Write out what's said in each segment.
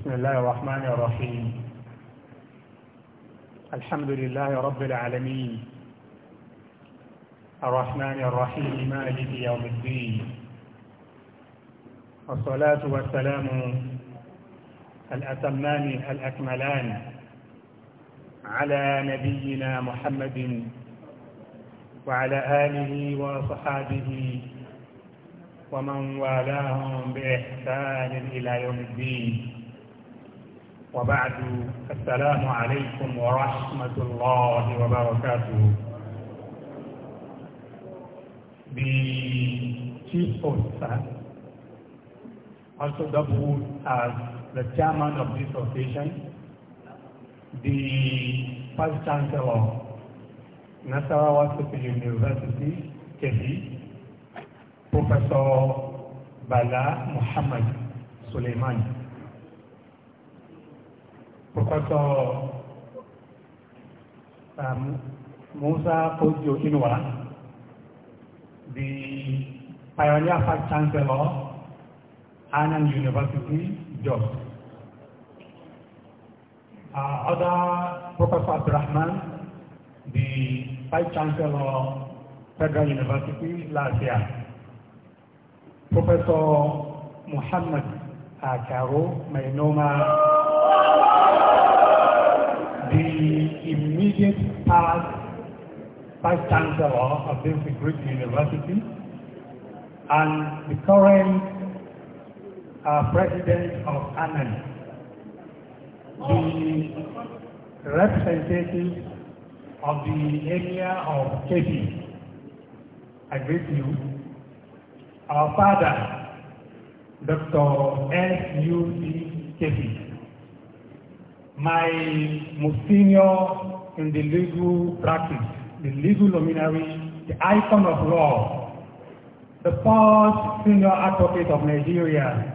بسم الله الرحمن الرحيم الحمد لله رب العالمين الرحمن الرحيم مالك يوم الدين والصلاة والسلام الأتمان الأكملان على نبينا محمد وعلى آله وصحابه ومن والاهم بإحسان إلى يوم الدين وبعد السلام عليكم ورحمة الله وبركاته The chief officer also doubled as the chairman of this association, the first chancellor Nasarawa State University, Kehi, Professor Bala Muhammad Suleiman. Professor um, Musa Kojo Inua, di pioneer vice chancellor, Anand University, Jos. Uh, other Professor di the vice chancellor, Federal University, Latvia. Professor Muhammad Akaro, uh, Mainoma. Vice Chancellor of this great university, and the current uh, President of ANAN, the representative of the area of KP. I greet you. Our father, Dr. U. D. KP. My most senior in the legal practice, the legal luminary, the icon of law, the first senior advocate of Nigeria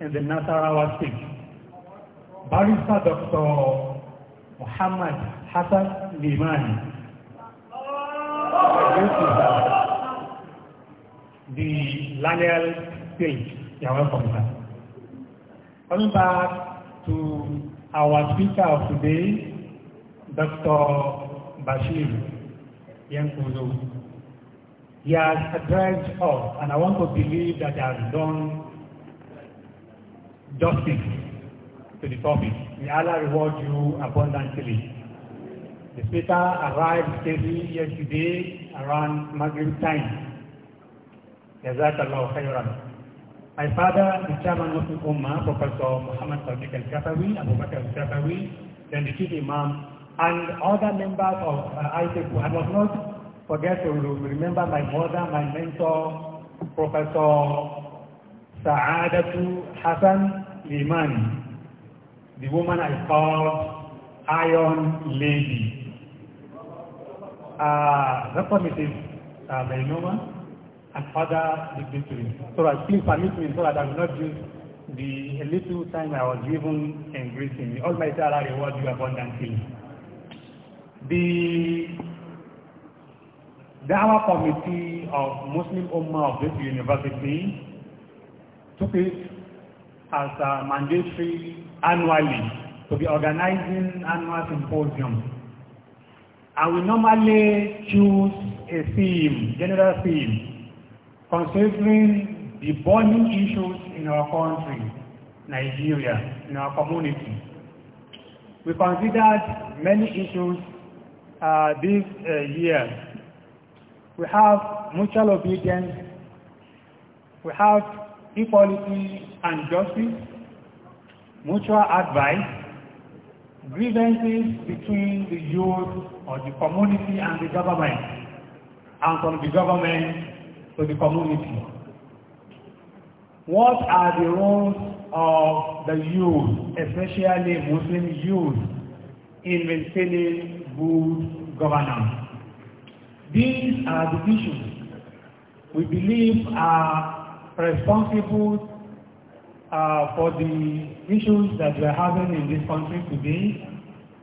in the Nasarawa state, Barrister Dr. Muhammad Hassan Liman. The Lionel State, you are welcome, sir. Coming back to our speaker of today, Dr. Bashir. Yenkuzo. He has addressed us, and I want to believe that he has done justice to the topic. May Allah reward you abundantly. The speaker arrived safely yesterday around Maghrib time. Jazakallah khairan. My father, the chairman of the Ummah, Professor Muhammad Sadiq al-Kafawi, Abu Bakr al-Kafawi, then the chief imam, and other members of uh, I must not forget to remember my mother, my mentor, Professor Saadatu Hassan Limani, the woman I called Iron Lady. Uh, Dr. Mrs. Uh, Mainoma and other dignitaries. So that please permit me so that I will not use the little time I was given in greeting. All my salary reward you abundantly the Dawa Committee of Muslim Ummah of this university took it as a mandatory annually to be organizing annual symposium. And we normally choose a theme, general theme, considering the burning issues in our country, Nigeria, in our community. We considered many issues uh, this uh, year. We have mutual obedience. We have equality and justice, mutual advice, grievances between the youth or the community and the government, and from the government to the community. What are the roles of the youth, especially Muslim youth, in maintaining good governance. These are the issues we believe are responsible uh, for the issues that we are having in this country today.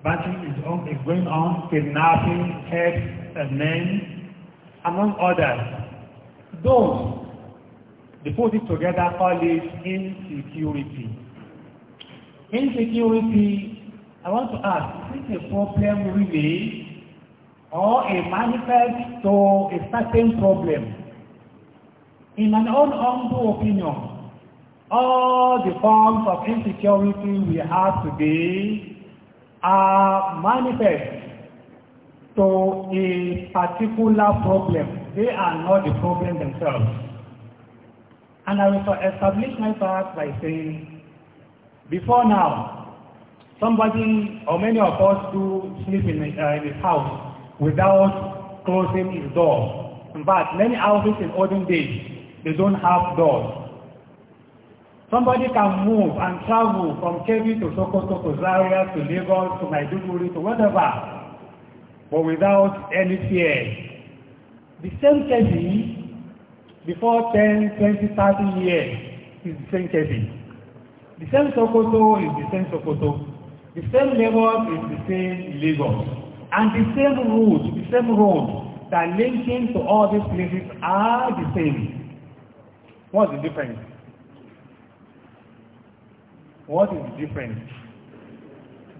Batting is, going on, kidnapping, theft, and men, among others. Those, they put it together, call it insecurity. Insecurity I want to ask, is a problem really or a manifest to a certain problem? In my own humble opinion, all the forms of insecurity we have today are manifest to a particular problem. They are not the problem themselves. And I will establish my fact by saying, before now, Somebody or many of us do sleep in, uh, in his house without closing his door. In fact, many houses in olden days, they don't have doors. Somebody can move and travel from Kebbi to Sokoto to Zaria to Lagos to Maiduguri to whatever, but without any fear. The same Kebbi, before 10, 20, 30 years, is the same Kebbi. The same Sokoto is the same Sokoto. The same level is the same level, And the same route, the same road that links him to all these places are the same. What's the difference? What is the difference?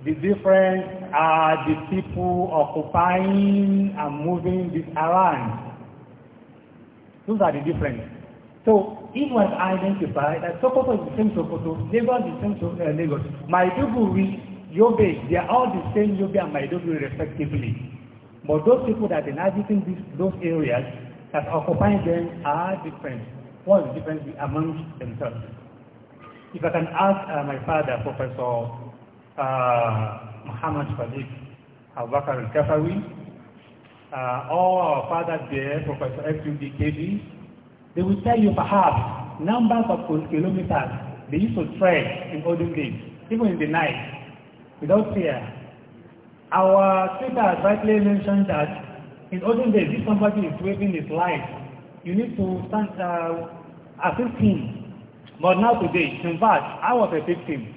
The difference are the people occupying and moving this around. Those are the difference. So if one identify, that Sokoto is the same Sokoto, Lagos is the same uh, Lagos, Maiduguri Yobe, they are all the same Yobe and Maiduguri respectively. But those people that are inhabiting those areas that occupy them are different. What is the difference among themselves? If I can ask uh, my father, Professor uh, Muhammad Sadiq Abu al-Kafawi, uh, or our father there, Professor FUDKD, they will tell you perhaps numbers of kilometers they used to trek in olden days, even in the night. without fear. Our Twitter has rightly mentioned that in olden days, if somebody is waving his life, you need to stand, uh, a him. But now today, in fact, I was a victim.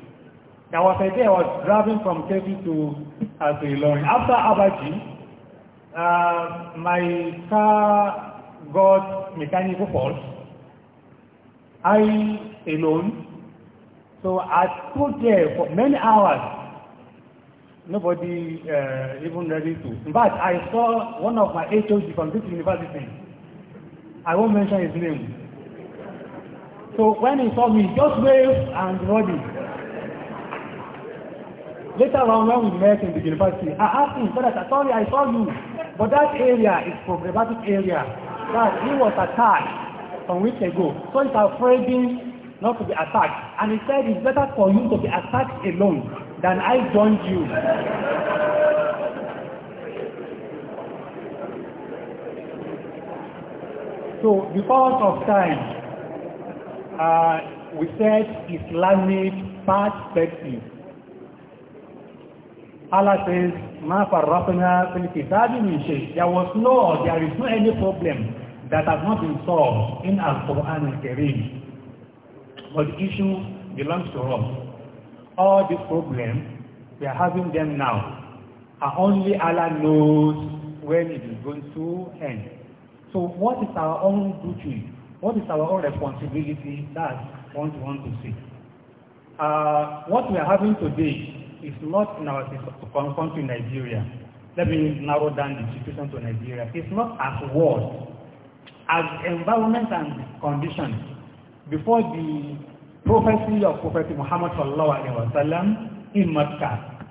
There was a day I was driving from Turkey to uh, After Abaji, uh, my car got mechanical fault. I alone. So I stood there for many hours Nobody uh, even ready to. In fact, I saw one of my HOG from this university. I won't mention his name. So when he saw me, just waved and ready. Later on, when we met in the university, I asked him, brother, sorry, I saw you, but that area is problematic area. That he was attacked from weeks ago, so he's afraid not to be attacked. And he said it's better for you to be attacked alone than I joined you. So because of time, uh, we said Islamic perspective. Allah says, مَا فَرَّقْنَا فِي الْكِتَابِ There was no, there is no any problem that has not been solved in Al-Quran and karim But the issue belongs to us all these problems we are having them now and only Allah knows when it is going to end. So what is our own duty? What is our own responsibility? That's what we want to see. Uh, what we are having today is not in our country Nigeria. Let me narrow down the situation to Nigeria. It's not as worse as environment and conditions before the prophecy of Prophet Muhammad sallallahu alaihi wasallam in Mecca.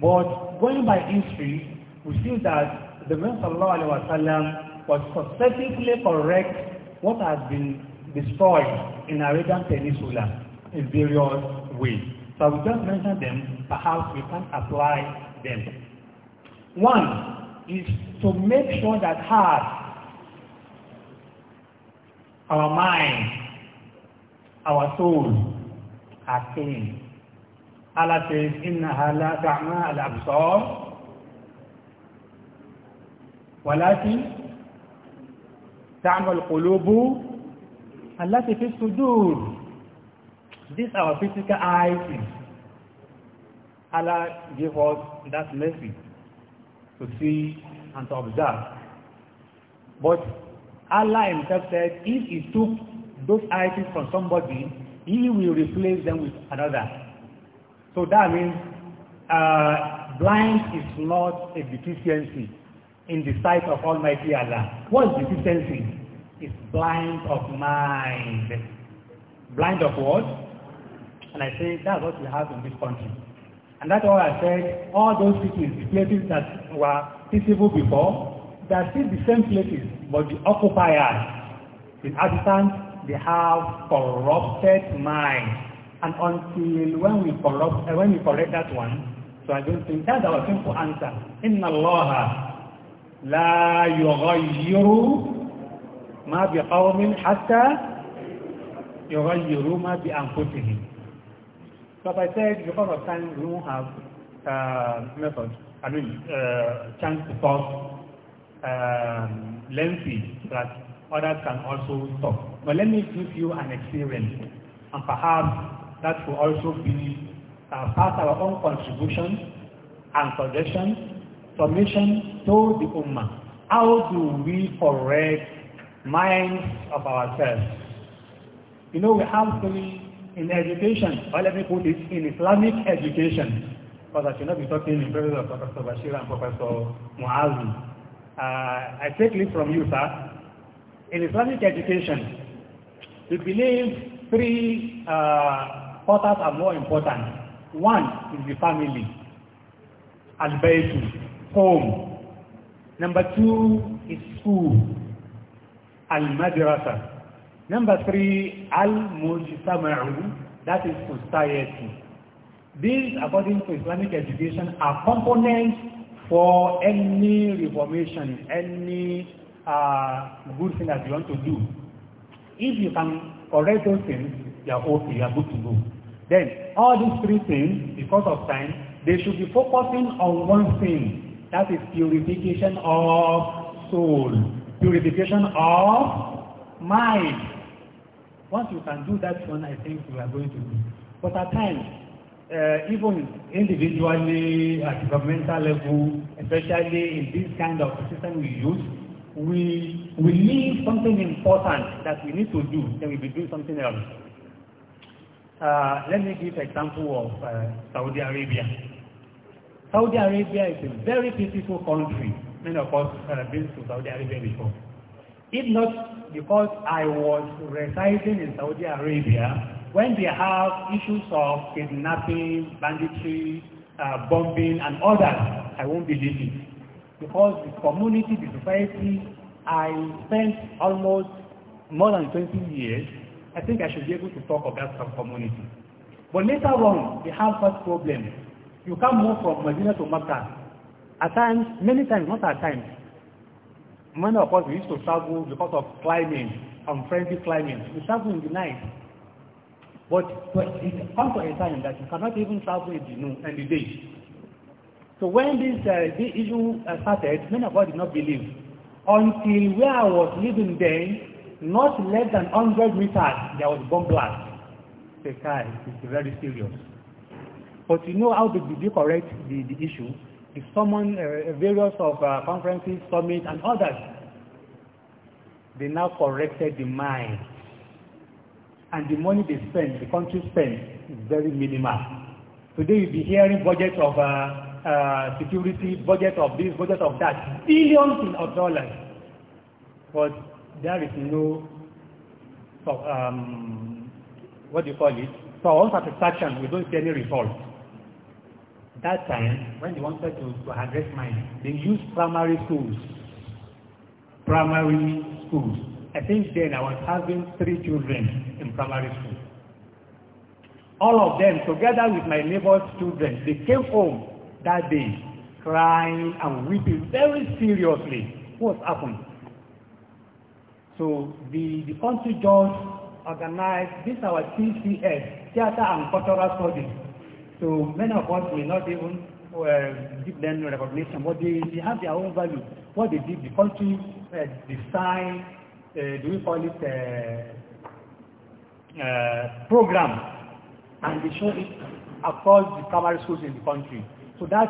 But going by history, we see that the Prophet sallallahu alaihi wasallam was specifically correct what has been destroyed in Arabian Peninsula in various ways. So we just mention them, perhaps we can apply them. One is to make sure that heart, our mind, our souls are clean. Allah says, إِنَّهَا لَا تَعْمَى الْأَبْصَارِ ولكن تعمل قلوب التي في الصدور This our physical eyes Allah gave us that mercy to see and to observe. But Allah himself said, if he took those items from somebody, he will replace them with another. So that means uh, blind is not a deficiency in the sight of Almighty Allah. What is deficiency? It's blind of mind. Blind of what? And I say that's what we have in this country. And that's why I said all those cities, the places that were peaceful before, they are still the same places, but the occupiers, the inhabitants they have corrupted mind, And until when we corrupt, uh, when we correct that one, so I don't think that's our simple answer. Inna Allah la yughayyiru ma bi qawmin hatta yughayyiru ma bi anfusihim. So as I said, because of time, we won't have uh, method. I mean, uh, chance to talk um, lengthy, but others can also talk. But let me give you an experience, and perhaps that will also be uh, part of our own contribution and suggestion, submission to the Ummah. How do we correct minds of ourselves? You know, we have to, in education, or let me put it, in Islamic education, because I cannot be talking in presence of Professor Bashir and Professor Muazi. Uh, I take leave from you, sir. In Islamic education, We believe three uh, quarters are more important. One is the family, al home. Number two is school, al-madrasa. Number three, al-mujtama'u, that is society. These, according to Islamic education, are components for any reformation, any uh, good thing that you want to do. If you can correct those things, you are okay, you are good to go. Then, all these three things, because of time, they should be focusing on one thing. That is purification of soul, purification of mind. Once you can do that one, I think you are going to do. But at times, uh, even individually, at governmental level, especially in this kind of system we use, we we need something important that we need to do, then we be doing something else. Uh, let me give example of uh, Saudi Arabia. Saudi Arabia is a very peaceful country. Many of us have uh, been to Saudi Arabia before. If not because I was residing in Saudi Arabia when they have issues of kidnapping, banditry, uh, bombing, and all that, I won't believe it because the community, the society, I spent almost more than 20 years, I think I should be able to talk about some community. But later on, they have first problem. You can't move from Medina to Makkah. At times, many times, not at times, many of us we used to travel because of climate, unfriendly climbing. We travel in the night. But, but it comes to a time that you cannot even travel in the noon and the day. So when this, uh, this issue uh, started, many of us did not believe. Until where I was living then, not less than 100 meters, there was bomb blast. The guy is very serious. But you know how to correct the, the issue? If someone, uh, various of uh, conferences, summits, and others, they now corrected the mind. And the money they spend, the country spends, is very minimal. Today you'll be hearing budget of uh, Uh, security, budget of this, budget of that, billions of dollars. But there is no, um, what do you call it, for our satisfaction, we don't see any result. That time, when they wanted to, to address mine, they used primary schools. Primary schools. I think then I was having three children in primary school. All of them, together with my neighbor's children, they came home that day crying and weeping very seriously. What's happened? So the, the country judge organized this our TCS, Theater and Cultural Studies. So many of us may not even uh, give them recognition, but they, they have their own value. What they did, the country uh, design, uh, do we call it uh, uh, program, and they show it across the primary schools in the country. So that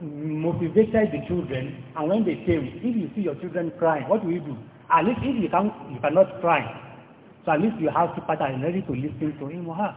motivated the children and when they came, if you see your children crying, what do you do? At least if you, can, you cannot cry, so at least you have to pattern ready to listen to him or her.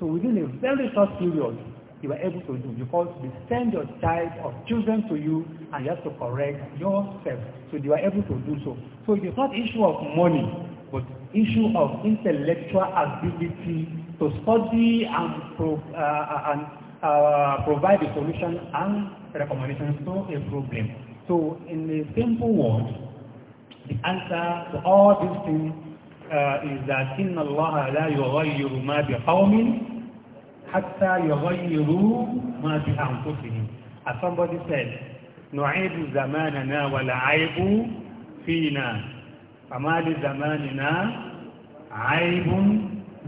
So within a very short period, you were able to do because they send your child or children to you and you have to correct yourself. So they were able to do so. So it is not issue of money, but issue of intellectual ability to study and, uh, uh, and uh, provide a solution and recommendations to a problem. So in a simple word, the answer to all these things uh, is that إن الله لا يغير ما بقوم حتى يغيروا ما بأنفسهم. As somebody said, نعيب زماننا والعيب فينا فما لزماننا عيب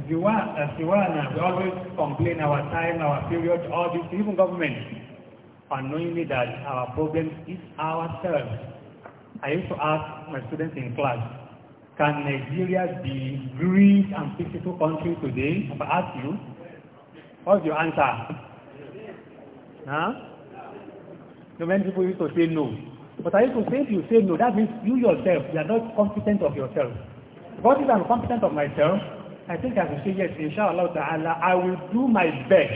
Siwana, we always complain our time, our period, all this, even government, unknowingly that our problem is ourselves. I used to ask my students in class, can Nigeria be great and peaceful country today? If I ask you, what's your answer? Huh? So many people used to say no. But I used to say if you say no, that means you yourself, you are not confident of yourself. What if I'm confident of myself, I think I will say yes, inshallah ta'ala, I will do my best.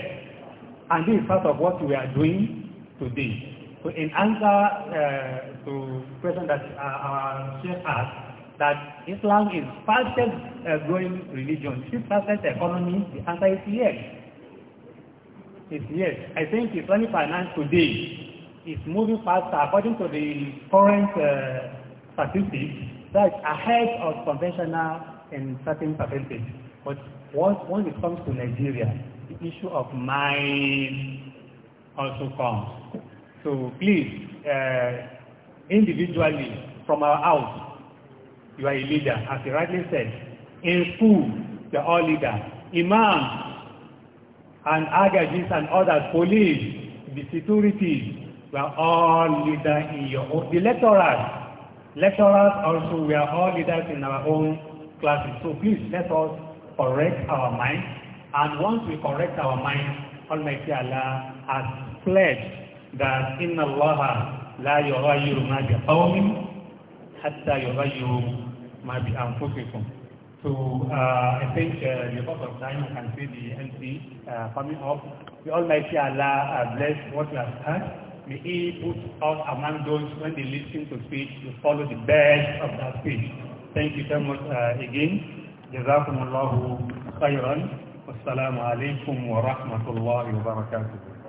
And this is part of what we are doing today. So in answer uh, to question that uh, our asked, that Islam is fastest uh, growing religion, is fastest economy, the answer is yes. It's yes. I think Islamic finance today is moving faster according to the current uh, statistics That ahead of conventional in certain percentage. But once, once it comes to Nigeria, the issue of mind also comes. So please, uh, individually, from our house, you are a leader, as you rightly said. In school, you are all leaders. Imams and agajis and others, police, the security, we are all leaders in your own. The lecturers, lecturers also, we are all leaders in our own classes. So please let us correct our minds, And once we correct our minds, Almighty Allah has pledged that in إِنَّ اللَّهَ لَا يُغَيِّرُ مَا بِقَوْمٍ حَتَّى يُغَيِّرُوا مَا بِأَنفُسِهِمْ So uh, I think uh, because of time, I can see the MC uh, coming up. The Almighty Allah uh, bless what you have heard. May He put us among those when they listen to speech, to follow the best of that speech. Thank you so much uh, again. Jazakumullahu khairan. Assalamu alaikum wa rahmatullahi wa barakatuh.